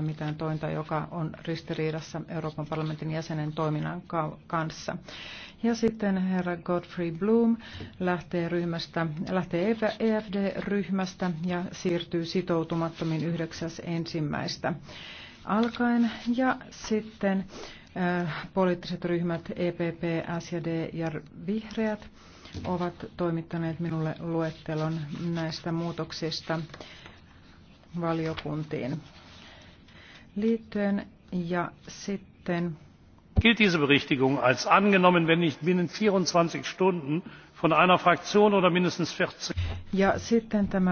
mitään tointa, joka on ristiriidassa Euroopan parlamentin jäsenen toiminnan kanssa. Ja sitten herra Godfrey Bloom lähtee, ryhmästä, lähtee EFD-ryhmästä e ja siirtyy sitoutumattomin yhdeksäs ensimmäistä alkaen. Ja sitten äh, poliittiset ryhmät EPP, SD ja Vihreät ovat toimittaneet minulle luettelon näistä muutoksista valiokuntiin liittyen ja sitten gilt diese berichtigung als angenommen wenn nicht binnen vierundzwanzig stunden von einer fraktion oder mindestens vierzig ja sitten tämä